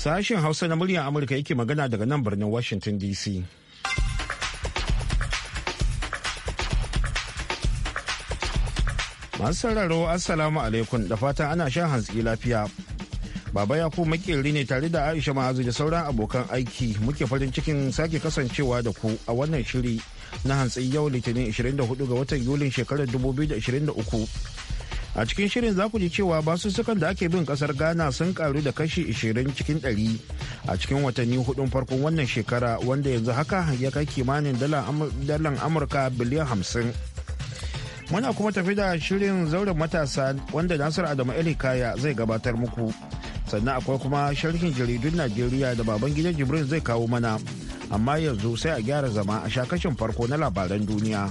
Sashen Hausa na muryar Amurka yake magana daga nan birnin Washington DC. Masu sauraro Assalamu alaikum da fatan ana shan hantsi lafiya. Baba Yakubu makeri ne tare da Aisha Ma'azu da sauran abokan aiki muke farin cikin sake kasancewa da ku a wannan shiri na hantsi yau Litinin 24 ga watan Yulin shekarar 2023. a cikin shirin za ku ji cewa basussukan da ake bin kasar ghana sun karu da kashi 20 cikin 100 a cikin watanni hudun farkon wannan shekara wanda yanzu haka ya kai kimanin dalan amurka biliyan 50 muna kuma tafi da shirin zauren matasa wanda nasiru adamu elikaya zai gabatar muku sannan akwai kuma sharhin jaridun najeriya da baban gidan jibrin zai kawo mana amma yanzu sai a gyara zama a shakashin farko na labaran duniya.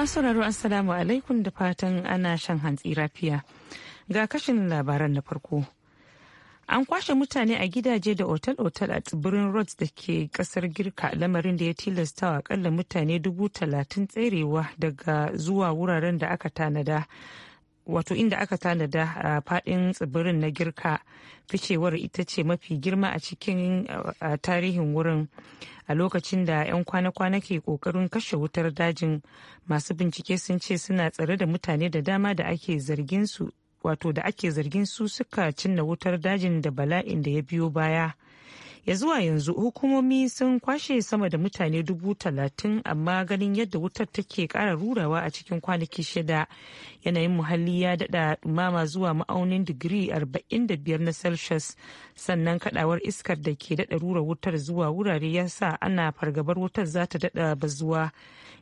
Masu sauraro Assalamu alaikum da fatan ana shan hantsi rafiya Ga kashin labaran na farko. An kwashe mutane a gidaje da otal-otal a tsibirin Rhodes da ke kasar Girka lamarin da ya tilasta wa akalla mutane dubu talatin tserewa daga zuwa wuraren da aka tanada wato inda aka tanada a fadin tsibirin na girka ficewar ita ce mafi girma a cikin tarihin wurin a lokacin da 'yan kwana-kwana ke kokarin kashe wutar dajin masu bincike sun ce suna tsare da mutane da dama da ake zargin su wato da ake zargin su suka cinna wutar dajin da bala'in da ya biyo baya ya zuwa yanzu hukumomi sun kwashe sama da mutane dubu talatin amma ganin yadda wutar take kara rurawa a cikin kwanaki shida yanayin muhalli ya dada dumama zuwa ma'aunin digiri arba'in da biyar na celsius sannan kadawar iskar da ke dada rura wutar zuwa wurare ya sa ana fargabar wutar za ta dada bazuwa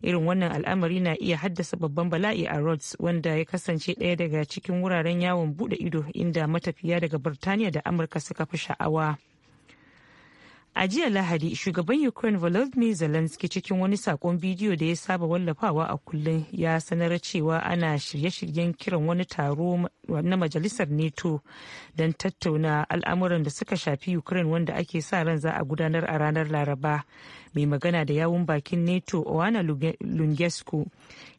irin wannan al'amari na iya haddasa babban bala'i a rhodes wanda ya kasance ɗaya daga cikin wuraren yawon bude ido inda matafiya daga birtaniya da amurka suka fi sha'awa a jiya lahadi shugaban ukraine volodymyr zelensky cikin wani sakon bidiyo da ya saba wallafawa a kullum ya sanar cewa ana shirye-shiryen kiran wani taro na majalisar neto don tattauna al'amuran da suka shafi ukraine wanda ake sa ran za a gudanar a ranar laraba mai magana da yawun bakin neto owana lungescu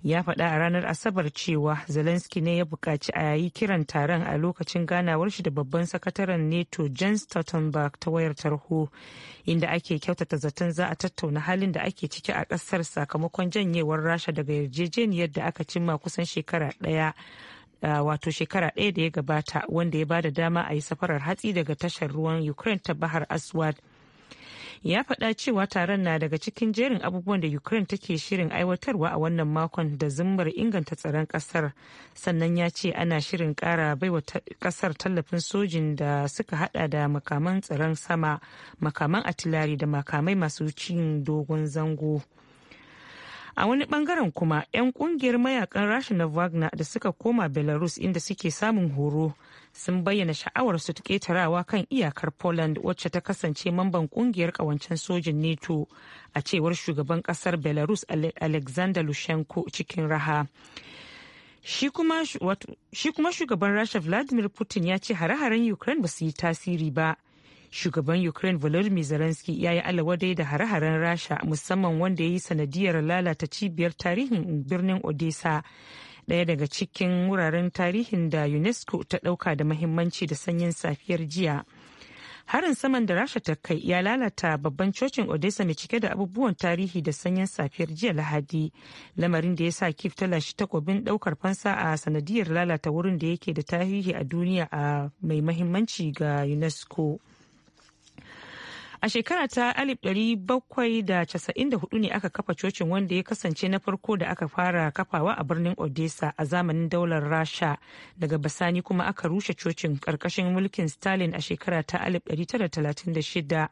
ya faɗa a ranar asabar cewa zelensky ne ya buƙaci a yayi kiran taron a lokacin ganawar shi da babban sakataren neto jens stoltenberg ta wayar tarho inda ake kyautata zaton za a tattauna halin da ake ciki a ƙasar sakamakon janyewar rasha daga yarjejeniyar da aka cimma kusan shekara ɗaya Uh, wato shekara ɗaya da ya gabata wanda ya ba da dama a yi safarar hatsi daga tashar ruwan ukraine ta bahar aswad ya faɗa cewa taron na daga cikin jerin abubuwan da ukraine take shirin aiwatarwa a wannan makon da zummar inganta tsaron kasar sannan ya ce ana shirin kara baiwa kasar tallafin sojin da suka hada da makaman tsaron sama makaman atilari da makamai masu cin dogon zango a wani bangaren kuma 'yan kungiyar mayakan rashin na wagner da suka koma belarus inda suke samun horo sun bayyana sha'awarsu su ta ketarawa kan iyakar poland wacce ta kasance mamban kungiyar ƙawancen sojin neto a cewar shugaban kasar belarus alexander lushenko cikin raha shi kuma shugaban rasha vladimir putin ya ce hare-haren ukraine ba su yi tasiri ba shugaban ukraine volodymyr zelensky ya yi alawadai da hare-haren rasha musamman wanda ya yi sanadiyar lalata cibiyar tarihin birnin odessa daya daga cikin wuraren tarihin da unesco ta ɗauka da mahimmanci da sanyin safiyar jiya harin saman da rasha ta kai ya lalata babban cocin odessa mai cike da abubuwan tarihi da sanyin safiyar jiya lahadi lamarin da ya sa kif ta lashe takobin daukar fansa a sanadiyar lalata wurin da yake da tarihi a duniya a mai mahimmanci ga unesco A shekara ta 1794 ne aka kafa cocin wanda ya kasance na farko da aka fara kafawa a birnin Odessa a zamanin daular Rasha. Daga basani kuma aka rushe cocin karkashin mulkin Stalin a shekara ta 1936.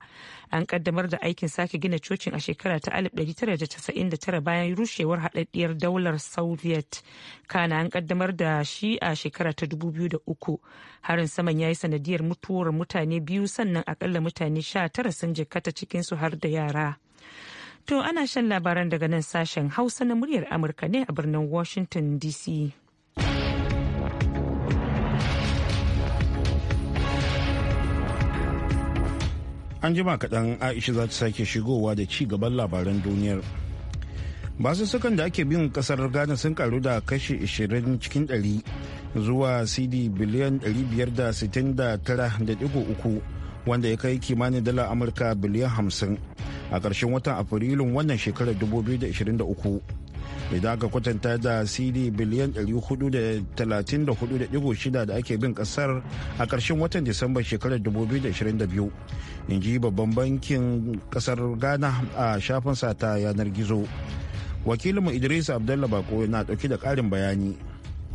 An kaddamar da aikin sake gina cocin a shekara ta 1999 bayan rushewar haɗaɗɗiyar daular Soviet. Kana an kaddamar da shi a shekara ta 2003. Harin saman ya yi sanadiyar mutuwar mutane biyu sannan akalla mutane 19 sun jikkata cikinsu har da yara. To ana shan labaran daga nan sashen Hausa na muryar Amurka ne a birnin Washington DC. An jima kaɗan Aisha za ta sake shigowa da ci gaban labaran duniyar. basussukan da ake bin kasar ghana sun karu da kashi 20 cikin 100 zuwa cd biliyan 569.3 wanda ya kai kimanin dala amurka biliyan hamsin a ƙarshen watan afrilun wannan shekarar 2023 idan aka kwatanta da cd biliyan 434.6 da ake bin kasar a ƙarshen watan disamba shekarar 2022 in ji babban bankin ƙasar ghana a shafin sata yanar gizo wakilinmu idris abdullah bako na ɗauki da ƙarin bayani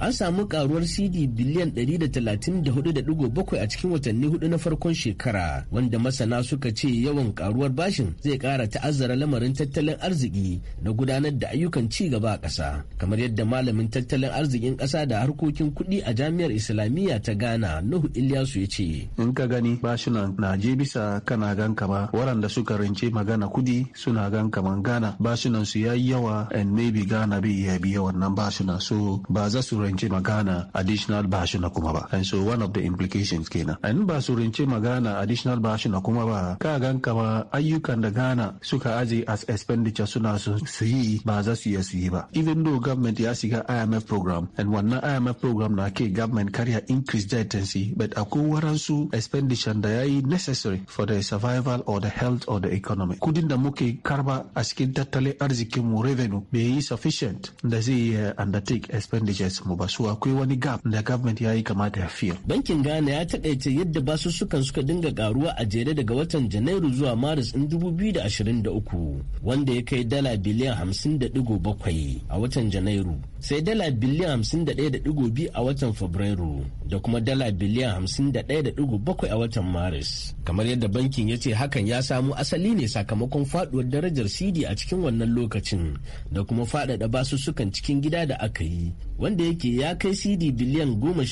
an samu karuwar cd biliyan 134.7 a cikin watanni hudu na farkon shekara wanda masana suka ce yawan karuwar bashin zai kara ta'azzara lamarin tattalin arziki na gudanar da ayyukan ci gaba a ƙasa kamar yadda malamin tattalin arzikin ƙasa da harkokin kuɗi a jami'ar islamiyya ta ghana nuhu ilyasu ya ce in ka gani bashinan na je bisa kana gan kama waɗanda suka rince magana kudi suna gan kaman ghana bashinan su yayi yawa and maybe ghana bai iya biya wannan bashinan so ba za su surance magana additional na kuma ba and so one of the implications kenan an ba surance magana additional na kuma ba ka gan kama ayyukan da Ghana suka aje as expenditure suna su yi ba za su yi su yi ba even though government ya shiga IMF program and wannan IMF program na ke government karya increase debtancy but akwai waransu expenditure da ya yi necessary for the survival or the health or the economy kudin da muke karba a cikin tattalin arzikin mu revenue bai yi sufficient da zai yi eh, undertake expenditures mu mu ba su akwai wani gap da government ya yi kamata ya fiya. Bankin Ghana ya taƙaice yadda basussukan suka dinga karuwa a jere daga watan Janairu zuwa Maris in 2023 wanda ya kai dala biliyan 50.7 a watan Janairu. sai dala biliyan 51.2 a watan fabrairu da kuma dala biliyan 51.7 a watan maris kamar yadda bankin ya ce hakan ya samu asali ne sakamakon faduwar darajar cd a cikin wannan lokacin da kuma faɗaɗa basussukan cikin gida da aka yi wanda yake ya kai cd biliyan goma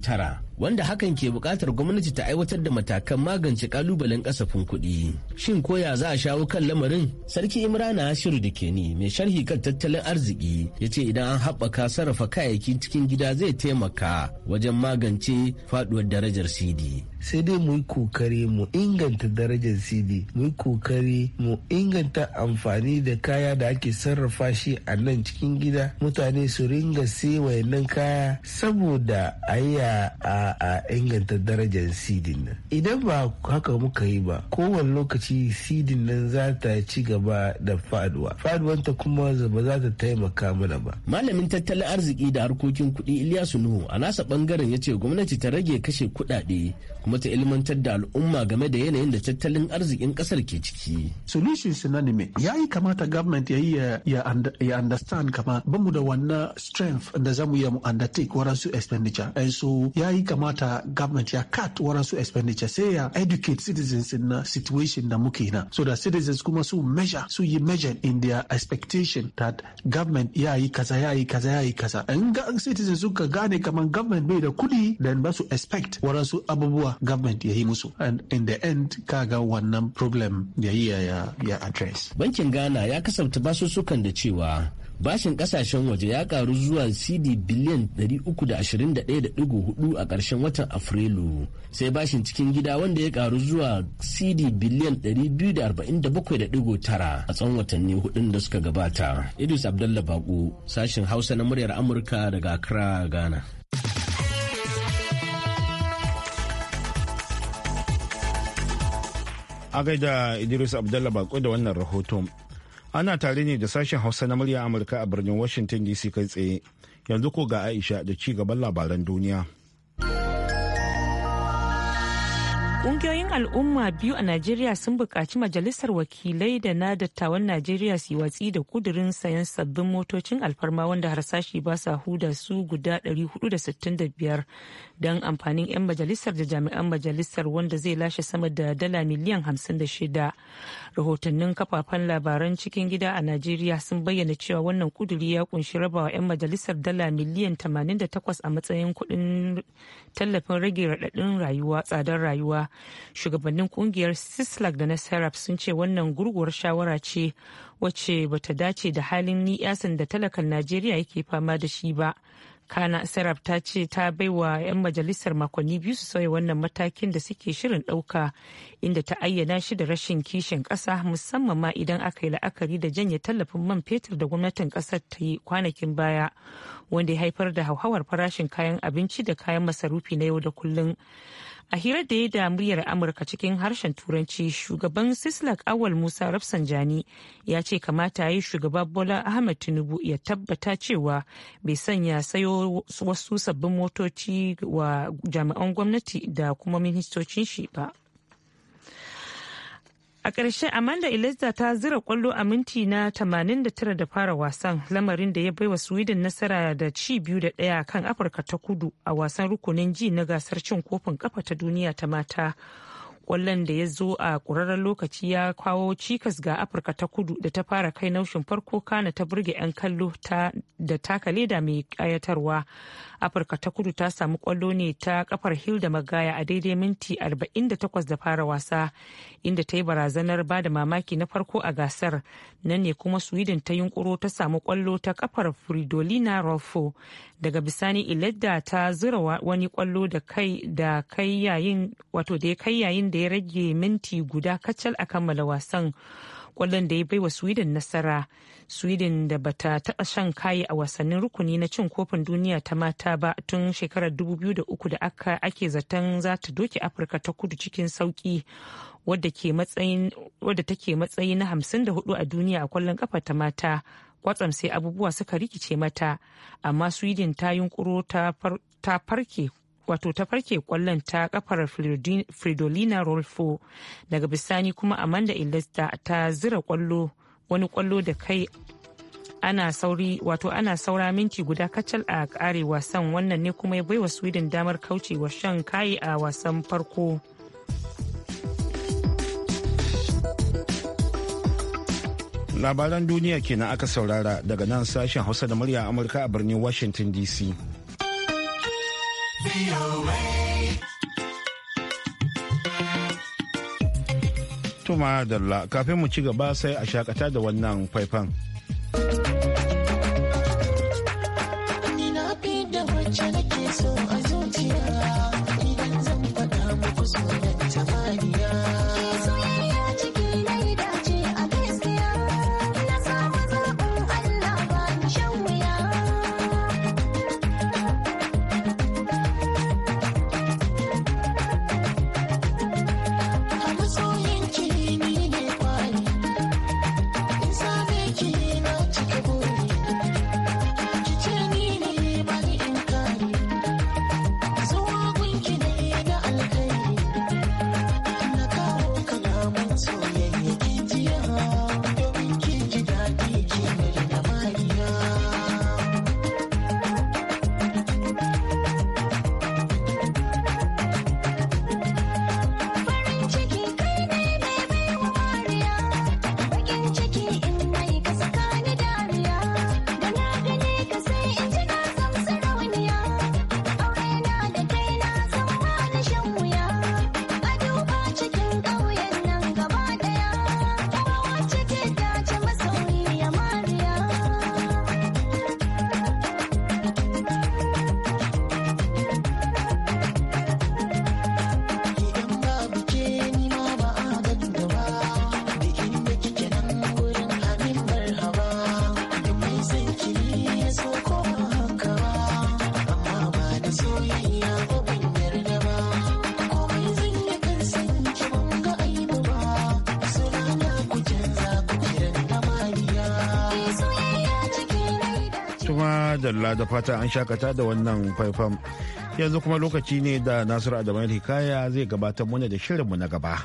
tara. wanda hakan ke buƙatar gwamnati ta aiwatar da matakan magance kalubalen kasafin kuɗi. Shin koya za a shawo kan lamarin? Sarki Imrana Hashiru da ke ni mai sharhi kan tattalin arziki ya ce idan an haɓaka sarrafa kayayyaki cikin gida zai taimaka wajen magance faɗuwar darajar CD. sai dai mu yi kokari mu inganta darajar cd mu yi kokari mu inganta amfani da kaya da ake sarrafa shi a nan cikin gida mutane su ringa sai wayannan kaya saboda a a inganta darajar cd nan idan ba haka muka yi ba kowane lokaci cd nan za ta ci gaba da faduwa faduwanta kuma ba za ta taimaka mana ba malamin tattalin arziki da harkokin kuɗi iliyasu nuhu a nasa bangaren ya ce gwamnati ta rage kashe kuɗaɗe kuma ta ilmantar da al'umma game da yanayin da tattalin arzikin kasar ke ciki. solution na ya yi kamata government ya yi ya understand kama ba mu da wannan strength da za mu yamu mu undertake waransu expenditure. And so ya yi kamata government ya cut waransu expenditure sai ya educate citizens na situation da muke na. So that citizens kuma su measure su yi measure in their expectation that government ya yi kaza ya yi kaza ya yi kaza. In citizens suka gane kaman government bai da kudi then ba su expect waransu abubuwa government ya yi musu and in the end kaga wannan problem ya yi ya address bankin ghana ya kasafta basussukan da cewa bashin kasashen waje ya karu zuwa cd biliyan 321.4 a karshen watan afrilu sai bashin cikin gida wanda ya karu zuwa cd biliyan 247.9 a tsawon watanni hudun da suka gabata idris abdallah bako sashin hausa na muryar amurka daga accra ghana A gaida Idris Abdullah Bako da wannan rahoton. Ana tare ne da sashen Hausa na murya Amurka a birnin Washington DC kai tsaye. Yanzu ko ga Aisha da ci gaban labaran duniya. Ƙungiyoyin al'umma biyu a Najeriya sun buƙaci Majalisar Wakilai da na dattawan Najeriya su yi watsi da kudirin sayan sabbin motocin alfarma wanda harsashi ba sa huda su guda 465 don amfanin 'yan majalisar da jami'an majalisar wanda zai lashe sama da dala miliyan 56. Rahotannin kafafen labaran cikin gida a Najeriya sun bayyana cewa wannan kuduri ya kunshi rabawa 'yan majalisar dala miliyan 88 a matsayin kuɗin tallafin rage raɗaɗin rayuwa tsadar rayuwa shugabannin kungiyar sislak da na serap sun ce wannan gurguwar shawara ce wacce ba ta dace da halin niyasan da talakan najeriya yake fama da shi ba kana serap ta ce ta baiwa 'yan majalisar makonni biyu su sauya wannan matakin da suke shirin ɗauka inda ta ayyana shi da rashin kishin ƙasa musamman ma idan aka yi la'akari da janye tallafin man fetur da gwamnatin ƙasar ta yi kwanakin baya wanda ya haifar da hauhawar farashin kayan abinci da kayan masarufi na yau da kullum a hira da ya da muryar amurka cikin harshen turanci shugaban sislak awal musa rafsanjani ya ce kamata yi shugaba bola ahmed tinubu ya tabbata cewa bai sanya sayo wasu sabbin motoci wa jami'an gwamnati da kuma ministocin shi ba A ƙarshe Amanda ilista ta zira kwallo a minti na 89 da fara wasan lamarin da ya baiwa Sweden nasara da ci biyu da ɗaya kan Afirka ta kudu a wasan rukunin ji na gasar cin kofin ƙafa ta duniya ta mata kwallon da ya zo a ƙurarren lokaci ya kawo cikas ga afirka ta kudu da ta fara kai naushin farko kana ta burge 'yan kallo da taka leda mai ƙayatarwa afirka ta kudu ta samu kwallo ne ta kafar hilda magaya a daidai minti 48 da fara wasa inda ta yi barazanar ba da mamaki na farko a gasar nan ne kuma sweden ta yunkuro ta samu kwallo ta kafar fridolina rolfo daga bisani iladda ta zura wani kwallo da kai da kai yayin wato da ya kai yayin da ya rage minti guda kacal a kammala wasan kwallon da ya baiwa sweden nasara sweden da bata taɓa shan kayi a wasannin rukuni na cin kofin duniya ta mata ba tun shekarar 2003 da aka ake zaton za ta doke afirka ta kudu cikin sauki wadda take matsayi na 54 a duniya a kwallon kafa ta mata kwatsam sai abubuwa suka rikice mata amma sweden ta yunkuro ta farke wato ta farke kwallon ta kafar Fridolina Rolfo daga bisani kuma Amanda Ilista ta zira kwallo wani kwallo da kai ana sauri wato ana saura minti guda kacal a kare wasan wannan ne kuma ya baiwa Sweden damar kaucewa shan kayi a wasan farko. Labaran duniya kenan aka saurara daga nan sashen Hausa da murya Amurka a birnin Washington DC. Tuma Dalla kafin mu ci gaba sai a shakata da wannan faifan. Tuma dalla da fata an shakata da wannan faifan. Yanzu kuma lokaci ne da Nasiru Adamu Hikaya zai gabatar mana da shirinmu na gaba.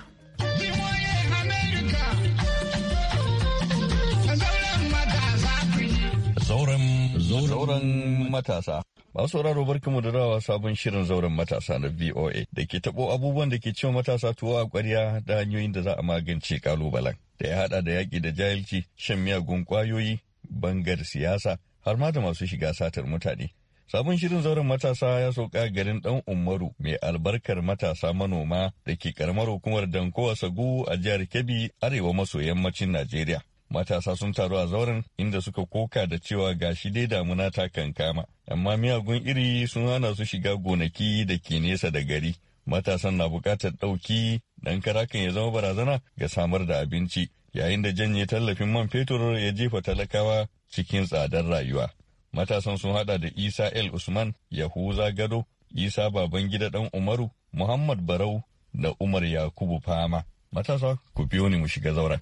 Zauren matasa. Ba sauraro barkamu da rawa sabon shirin zauren matasa na VOA da ke tabo abubuwan da ke cewa matasa tuwo a kwarya da hanyoyin da za a magance kalubalen da ya hada da yaki da jahilci, shan miyagun kwayoyi bangar siyasa, har ma da masu shiga satar mutane. Sabon shirin zauren matasa ya sauka garin ɗan Umaru mai albarkar matasa manoma da ke karamar hukumar Dankowa Sagu a jihar Kebbi arewa maso yammacin Najeriya. Matasa sun taru a zauren inda suka koka da cewa gashi dai damuna ta kankama, amma miyagun iri sun hana su shiga gonaki da ke nesa da gari. Matasan na buƙatar ɗauki dan karakan ya zama barazana ga samar da abinci, yayin da janye tallafin man fetur ya jefa talakawa cikin tsadar rayuwa. Matasan sun hada da Isa El Usman, Yahuza Gado, Isa Babangida Dan Umaru, Muhammad Barau da Umar Yakubu Fama. Matasa, ku biyo ni mu shiga zauren.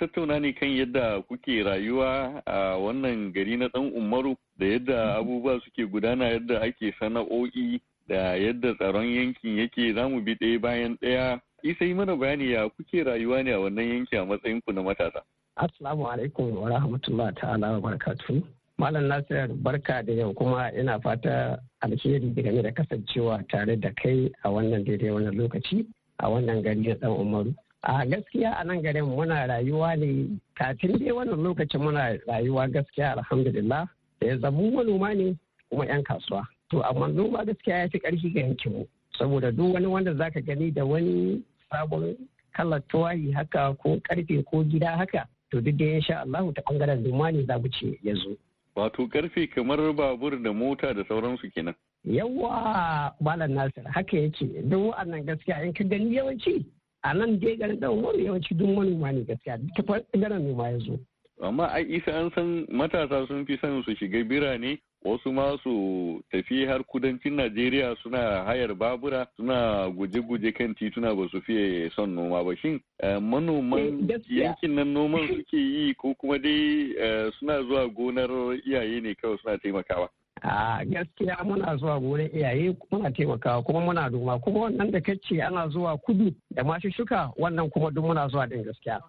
tattauna ne kan yadda kuke rayuwa a wannan gari na ɗan umaru da yadda abubuwa suke gudana yadda ake sana'o'i da yadda tsaron yankin yake za mu bi ɗaya bayan ɗaya. isai mana bayani ya kuke rayuwa ne a wannan yanki a matsayin ku na matasa. Assalamu alaikum wa rahmatullahi ta'ala wa barakatuhu. Malam Nasir barka da yau kuma ina fata alheri game da kasancewa tare da kai a wannan daidai wannan lokaci a wannan gari na ɗan Umaru. A gaskiya a nan garin muna rayuwa ne kafin dai wannan lokacin muna rayuwa gaskiya alhamdulillah da ya zamu manoma ne kuma 'yan kasuwa. To amma noma gaskiya ya fi ƙarfi ga mu saboda duk wani wanda zaka gani da wani sabon kalar tuwayi haka ko karfe ko gida haka to duk da insha Allah ta bangaren noma ne za mu ce ya zo. Wato karfe kamar babur da mota da sauransu kenan. Yawa Malam Nasir haka yake duk wa'annan gaskiya in ka gani yawanci a nan dai garin da wani yawanci duk manoma ne gaskiya duka bangaren noma ya zo. amma a isa an san matasa sun fi son su shiga birane wasu ma su tafi har kudancin najeriya suna hayar babura suna guje-guje kan tituna ba su fiye son noma ba shin eh, manoman eh, yankin nan noman suke yi ko kuma dai eh, suna zuwa gonar iyaye ne kawai suna taimakawa a gaskiya muna zuwa gurin iyaye muna taimakawa kuma muna duma, kuma wannan da kace ana zuwa kudu da masu shuka wannan kuma duk muna zuwa din gaskiya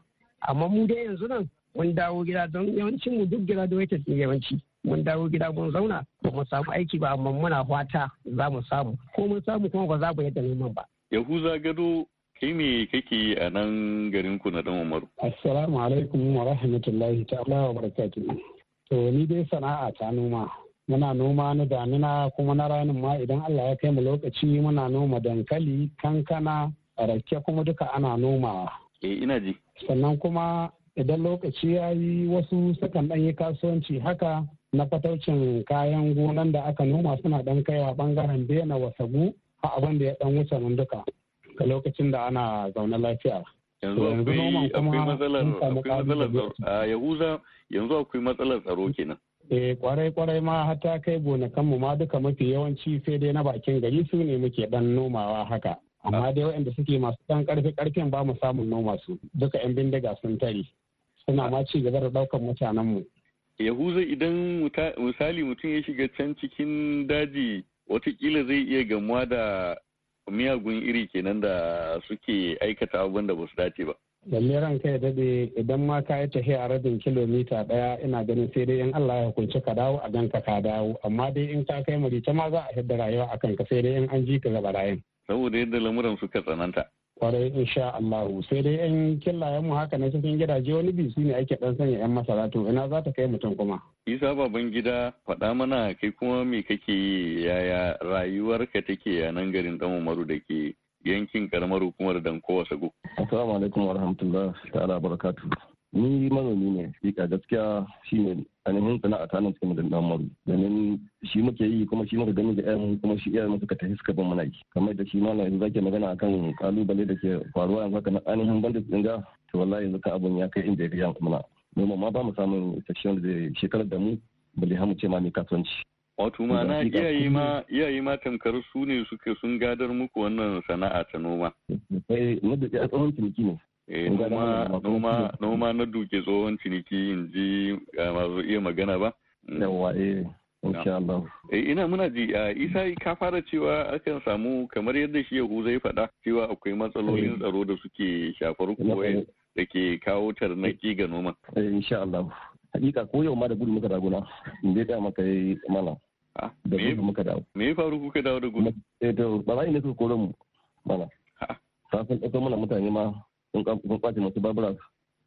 amma mu dai yanzu nan mun dawo gida don yawancin mu duk gida da wata yawanci mun dawo gida mun zauna ba mu samu aiki ba amma muna fata za mu samu ko mun samu kuma ba za mu yadda neman ba yahuza gado kai me kake a nan garin ku na dan umaru assalamu alaikum wa rahmatullahi ta'ala wa barakatuh to ni dai sana'a ta noma muna noma na damina kuma na ranin ma idan allah ya kai mu lokaci muna noma dankali kankana rake kuma duka ana nomawa eh ina ji sannan kuma idan lokaci ya yi wasu sukan ɗan yi kasuwanci haka na fataucin kayan gonan da aka noma suna ɗan kaiwa ɓangaren bena wasagu a abin da ya ɗan wuce nan duka ga lokacin da ana zaune lafiya. Yanzu akwai matsalar ah, yahuza yanzu akwai matsalar tsaro kenan. eh kwarai kwarai ma hata kai gonakanmu ma duka mafi yawanci sai dai na bakin gari su ne muke dan nomawa haka amma dai waɗanda suke masu ɗan karfe karfen ba mu samun noma su duka 'yan bindiga sun tari. suna ma ci gaba da ɗaukar mutanenmu. yahuza idan misali mutum ya shiga can cikin daji watakila zai iya gamuwa da miyagun iri kenan da suke aikata abin da ba su dace ba. lalle ranka ya dade idan ma ka yi tafiya a rabin kilomita daya ina ganin sai dai in Allah ya hukunci ka dawo a ganka ka dawo amma dai in ka kai mu ma za a hidda rayuwa akan ka sai dai in an ji ka gaba rayin saboda yadda lamuran suka tsananta kwarai insha Allah sai dai in killayen mu haka na cikin gidaje wani su ne ake dan sanya yan masara to ina za ta kai mutum kuma Isa baban gida faɗa mana kai kuma me kake yaya rayuwarka take a nan garin dan Umaru da ke yankin karamar hukumar Danko Wasago. Assalamu alaikum wa rahmatullahi ta'ala barakatu. Ni manomi ne, fika gaskiya shine ainihin sana'a ta nan cikin madan maru domin shi muke yi kuma shi muka gani da ƴan kuma shi iyayen suka tafi suka bin muna yi kamar da shi malam yanzu zake magana akan kalubale da ke faruwa yanzu haka na ainihin banda su dinga. to wallahi yanzu ka abun ya kai inda ya fi yanzu muna noma ma ba mu samun isasshen da shekarar da mu bali mu ce ma mai kasuwanci Wato ma na iyaye ma iyaye ma tamkar su ne suke sun gadar muku wannan sana'a ta noma. Eh, eh, noma noma na duke tsohon ciniki in ji eh, masu iya magana ba. Mm. Yawwa eh. ina muna ji isa ka fara cewa akan samu kamar yadda shi Yahu zai faɗa cewa akwai matsalolin tsaro da suke shafar kowai da ke kawo tarnaki ga noma. insha Allah hakika ko yau ma da gudu muka raguna in dai da maka yi mana da gudu muka dawo me ya faru kuka dawo da gudu eh to ba barayi ne suka kore mu mana ta san ɗaukar mana mutane ma sun kwace masu barbara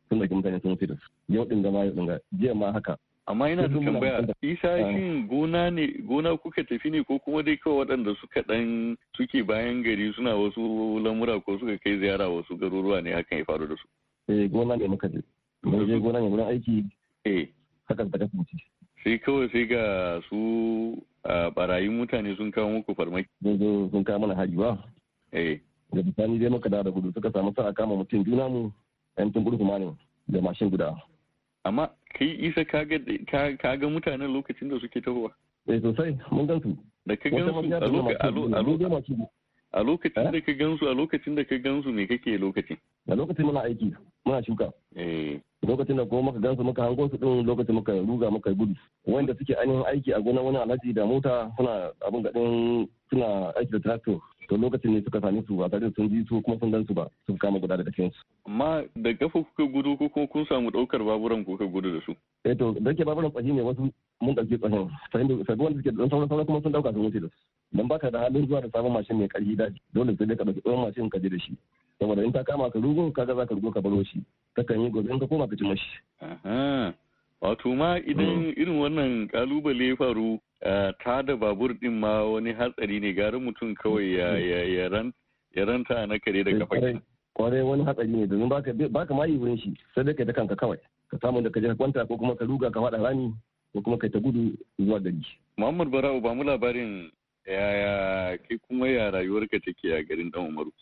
sun ɗauki mutane sun wuce da yau ɗin da ma yau ɗin ga jiya ma haka amma ina da tambaya isa shin gona ne gona kuka tafi ne ko kuma dai kawai waɗanda suka ɗan suke bayan gari suna wasu lamura ko suka kai ziyara wasu garuruwa ne hakan ya faru da su eh gona ne muka je mun je gona ne wurin aiki eh haka ta kasance sai kawai sai ga su barayin mutane sun kawo muku farmaki. Sun sun kawo mana haji Eh. Da bisani zai maka da gudu suka samu sa'a kama mutum juna mu yan tun kuma ne da mashin guda. Amma kai isa ka ga mutanen lokacin da suke tahowa. Eh sosai mun gan su. Da ka gan su a lokacin eh? da ka gan su a lokacin da ka gan su me kake lokacin? A lokacin muna aiki muna shuka. Eh. lokacin da kuma muka gansu muka hango su din lokacin muka ruga muka gudu wanda suke ainihin aiki a gona wani alhaji da mota suna abin din suna aiki da tractor to lokacin ne suka sami su a tare da sun ji su kuma sun gansu su ba su kama guda daga cikin su. amma da kafa kuka gudu ko kuma kun samu daukar baburan kuka gudu da su. eh to da ke baburan tsahi ne wasu mun dauke tsahin sai wanda suke da sauran sauran kuma sun dauka sun wuce da su. dan baka da halin zuwa da sabon mashin mai karfi da dole sai dai ka dauki tsohon mashin ka je da shi saboda in ta kama ka rugo ga za ka rugo ka baro shi takan yi gobe in ka koma ka ci mashi wato ma idan mm. irin wannan kalubale ya faru ta da babur din ma wani hatsari ne gara mutum kawai ya mm. ranta na kare da kafa eh, kwarai wani hatsari ne domin baka mayi wurin shi sai dai kai da kanka kawai ka samu da ka je ka kwanta ko kuma ka ruga ka faɗa rami ko kuma kai ta gudu zuwa gari Muhammad Barau ba mu labarin yaya kai kuma ya rayuwarka take a garin Dan Umaru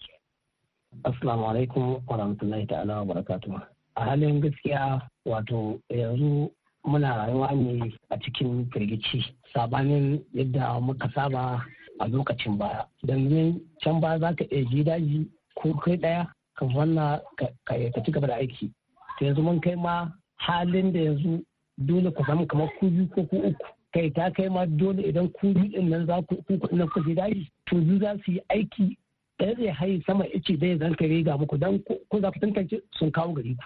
Assalamu alaikum wa rahmatullahi ta'ala wa barakatuh. A halin gaskiya wato yanzu muna rayuwa ne a cikin firgici sabanin yadda muka saba a lokacin baya. Domin can ba za ka iya ji daji ko kai ɗaya ka wannan ka ci gaba da aiki. Ta yanzu mun kai ma halin da yanzu dole ku samu kamar ku biyu ko ku uku. Kai ta kai ma dole idan ku biyu ɗin nan za ku ku na ku daji to za su yi aiki ɗaya zai hayi sama ice dai zan kare ga muku don ko za ku tantance sun kawo gari ku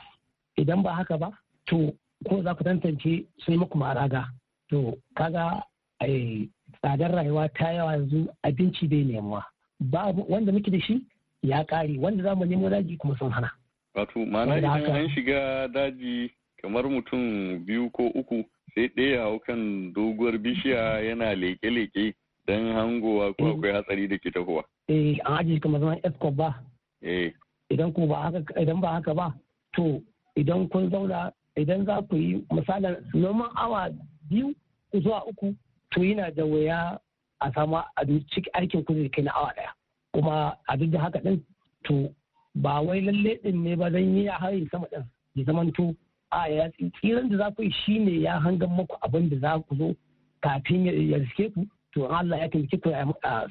idan ba haka ba to ko za ku tantance sun muku maraga to kaga eh, tsadar rayuwa ta yawa yanzu abinci bai nemuwa ba wanda muke da shi ya kare wanda za mu nemo daji kuma sun hana. Wato ma'ana idan an shiga daji kamar mutum biyu ko uku sai ɗaya hau kan doguwar bishiya yana leƙe-leƙe don hangowa ko eh. akwai hatsari da ke tahowa. eh an ajiye kamar zaman escort ba eh. idan ko ba haka idan ba haka ba to idan kun zauna idan za ku yi misalin noman awa biyu zuwa uku to yana da waya a sama a ciki aikin ku kai na awa daya kuma a duk da haka din to ba wai lalle din ne ba zan yi a hari sama din ya to a ya tsiran da za ku yi shine ya hangan maku abin da za ku zo kafin ya riske ku to Allah ya taimake ka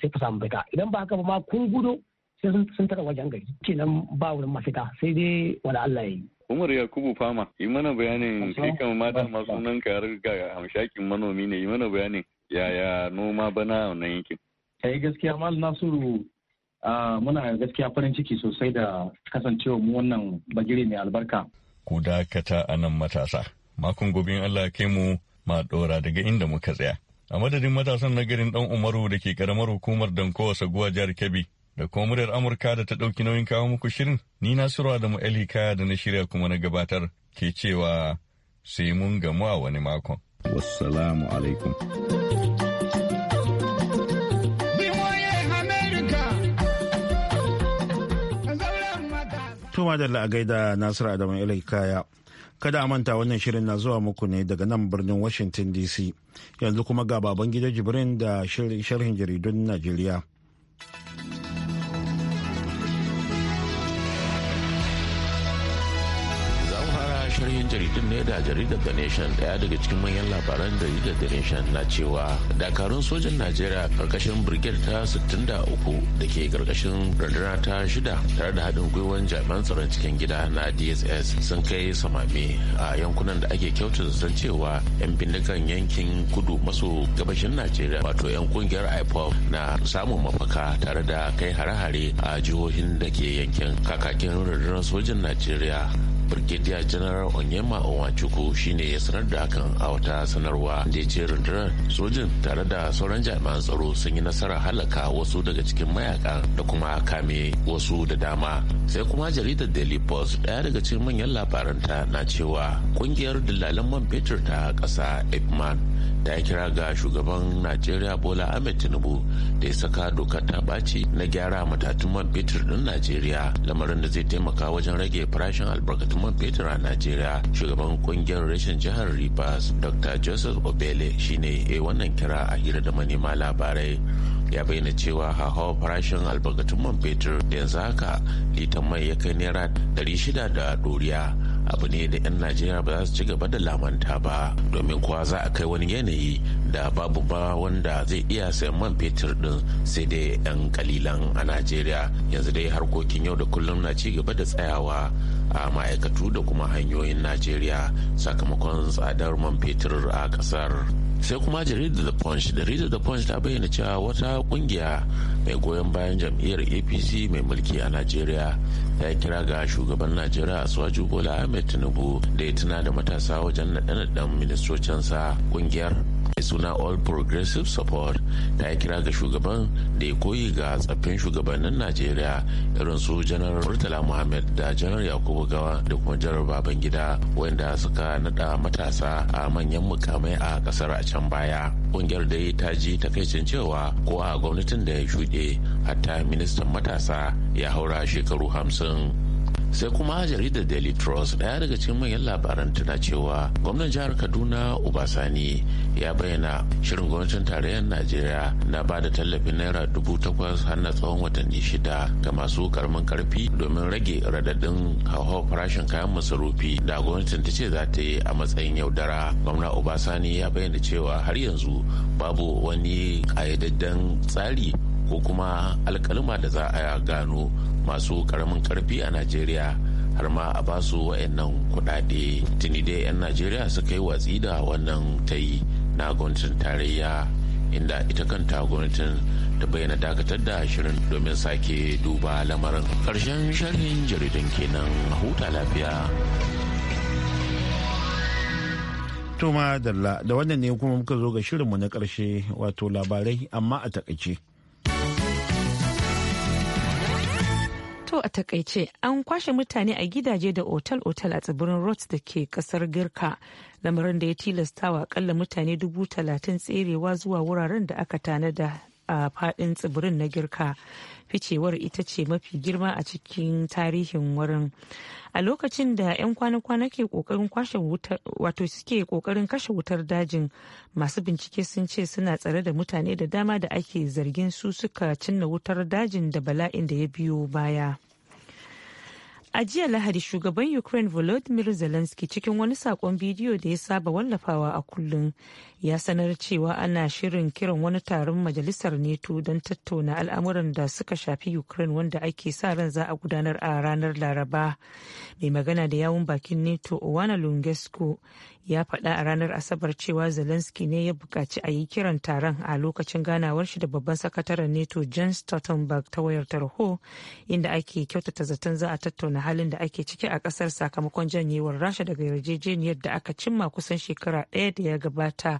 sai ka samu fita idan ba haka ba ma kun gudu sai sun tara wajen gari kenan ba wurin mafita sai dai wani Allah ya yi Umar Yakubu Fama, yi mana bayanin kai kan mata masu nan ka riga hamshakin manomi ne, yi mana bayanin yaya noma bana a wannan yankin. Kai eh, gaskiya Mal Nasiru muna gaskiya farin ciki sosai da kasancewa mu wannan bagire mai albarka. Ku dakata a nan matasa. Makon gobe Allah kai mu ma dora daga inda muka tsaya. a madadin matasan na garin dan umaru da ke karamar hukumar dankowa saguwa jihar kebbi da kuma muryar amurka da ta ɗauki nauyin kawo muku shirin ni na surwa da mu'ali kaya da na shirya kuma na gabatar ke cewa sai mun gamu a wani makon wassalamu alaikum Tuma da la'agai da Nasiru Adamu Ilai Kaya. Kada a manta wannan shirin na zuwa muku ne daga nan birnin Washington DC. Yanzu kuma ga baban gida Jibrin da sharhin jaridun Najeriya. sharhin jaridun ne da jaridar The Nation daya daga cikin manyan labaran jaridar The Nation na cewa dakarun sojan Najeriya karkashin Brigade ta 63 da ke karkashin rundunar ta shida tare da haɗin gwiwan jami'an tsaron cikin gida na DSS sun kai samami a yankunan da ake kyautar san cewa 'yan bindigan yankin kudu maso gabashin Najeriya wato 'yan kungiyar IPOP na samun mafaka tare da kai hare-hare a jihohin da ke yankin kakakin rundunar sojan Najeriya brigadier general onyema onwachukwu shine ya sanar da hakan a wata sanarwa da ya ce rundunar sojin tare da sauran jami'an tsaro sun yi nasarar halaka wasu daga cikin mayakan da kuma kame wasu da dama sai kuma jaridar daily post daya daga cikin manyan ta na cewa kungiyar dillalan man fetur ta kasa ipman ta kira ga shugaban najeriya bola ahmed tinubu da ya saka dokar ta ɓaci na gyara matatun man fetur din najeriya lamarin da zai taimaka wajen rage farashin albarkatun man fetur a najeriya shugaban kungiyar rashin jihar rivers dr joseph obele shine ya wannan kira a hira da manema labarai ya bayyana cewa hawa farashin albarkatun man fetur da yanzu haka litan mai ya kai naira 600 da doriya abu ne da 'yan najeriya ba za su ci gaba da lamanta ba domin kuwa za a kai wani yanayi da babu ba wanda zai iya sayan man fetur din sai dai 'yan kalilan a najeriya yanzu dai harkokin yau da kullum na ci gaba da tsayawa a ma'aikatu da kuma hanyoyin najeriya sakamakon tsadar man fetur a kasar sai kuma jaridar the punch jaridar the punch ta bayyana cewa wata kungiya mai goyon bayan jam'iyyar apc mai mulki a najeriya ya kira ga shugaban najeriya asuwaju bola ahmed tinubu da ya tuna da matasa wajen naɗe-naɗen ministocinsa ƙungiyar mai suna all progressive support ta yi kira ga shugaban da ya koyi ga tsaffin shugabannin najeriya irin su janar murtala muhammad da janar yakubu gawa da kuma janar babangida wanda suka naɗa matasa a manyan mukamai a ƙasar a can baya kungiyar da ta ji takaicin cewa kowa a gwamnatin da ya shuɗe hatta ministan matasa ya haura shekaru hamsin sai kuma jaridar daily trust daya daga cikin manyan labaran tana cewa gwamnan jihar kaduna ubasani ya bayyana shirin gwamnatin tarayyar najeriya na ba da tallafin naira dubu takwas har na tsawon watanni shida ga masu karamin karfi domin rage radadin hauhawar farashin kayan masarufi da gwamnatin ta ce za ta yi a matsayin yaudara gwamna ubasani ya bayyana cewa har yanzu babu wani ƙayyadadden tsari ko kuma alkalima da za a gano masu karamin karfi a najeriya har ma a basu wa'annan kudade tuni dai 'yan najeriya suka yi watsi da wannan ta yi na gwamnatin tarayya inda ita kanta gwamnatin ta bayyana dakatar da shirin domin sake duba lamarin karshen sharhin jaridan kenan huta lafiya tuma da wannan ne kuma muka zo ga shirinmu na karshe wato labarai amma a takaice. To a takaice an kwashe mutane a gidaje da otal-otal a tsibirin Rots da ke kasar Girka, lamarin da ya tilasta wa akalla mutane dubu talatin tserewa zuwa wuraren da aka tanada a fadin tsibirin na girka ficewar ita ce mafi girma a cikin tarihin wurin a lokacin da 'yan kwana-kwana ke kokarin kwashe wutar wato suke kokarin kashe wutar dajin masu bincike sun ce suna tsare da mutane da dama da ake zargin su suka cinna wutar dajin da bala'in da ya biyo baya. A jiya Lahadi shugaban Ukraine Volodymyr Zelensky cikin wani sakon bidiyo da ya saba wallafawa a kullum ya sanar cewa ana shirin kiran wani taron majalisar NATO don tattauna al'amuran da suka shafi Ukraine wanda ake sa ran za a gudanar a ranar Laraba. Mai magana da yawun bakin NATO Owana Lungesco ya faɗa a ranar Asabar cewa Zelensky ne ya buƙaci a yi kiran taron a lokacin ganawar shi da babban sakataren NATO Jens Stoltenberg ta wayar tarho inda ake kyautata zaton za a tattauna halin da ake ciki a kasar sakamakon janyewar rasha daga yarjejeniyar da aka cimma kusan shekara ɗaya da ya gabata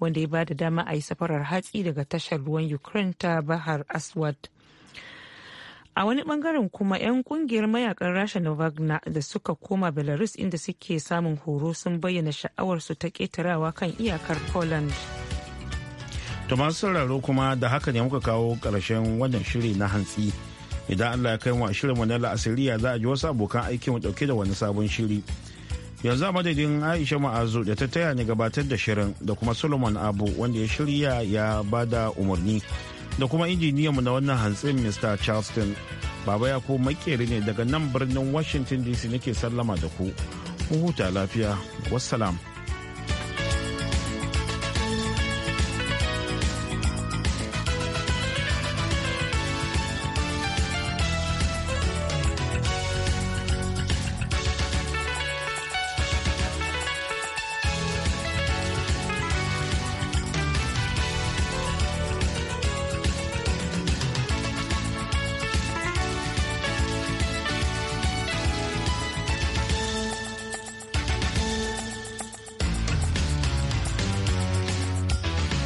wanda ya bada dama a yi safarar hatsi daga tashar ruwan ukraine ta bahar aswad a wani bangaren kuma 'yan kungiyar mayakan rasha na wagner da suka koma belarus inda suke samun horo sun bayyana sha'awarsu ta ketarawa kan iyakar poland to masu sauraro kuma da haka ne muka kawo ƙarshen wannan shiri na hantsi idan allah ya kai mu mu na la'asiriya za a ji wasu abokan aikin dauke da wani sabon shiri yanzu a madadin aisha ma'azu da ta taya ni gabatar da shirin da kuma solomon abu wanda ya shirya ya bada umarni da kuma injiniyanmu na wannan hantsin mr charleston baba ya ko makeri ne daga nan birnin washington dc nake sallama da ku huta lafiya wassalam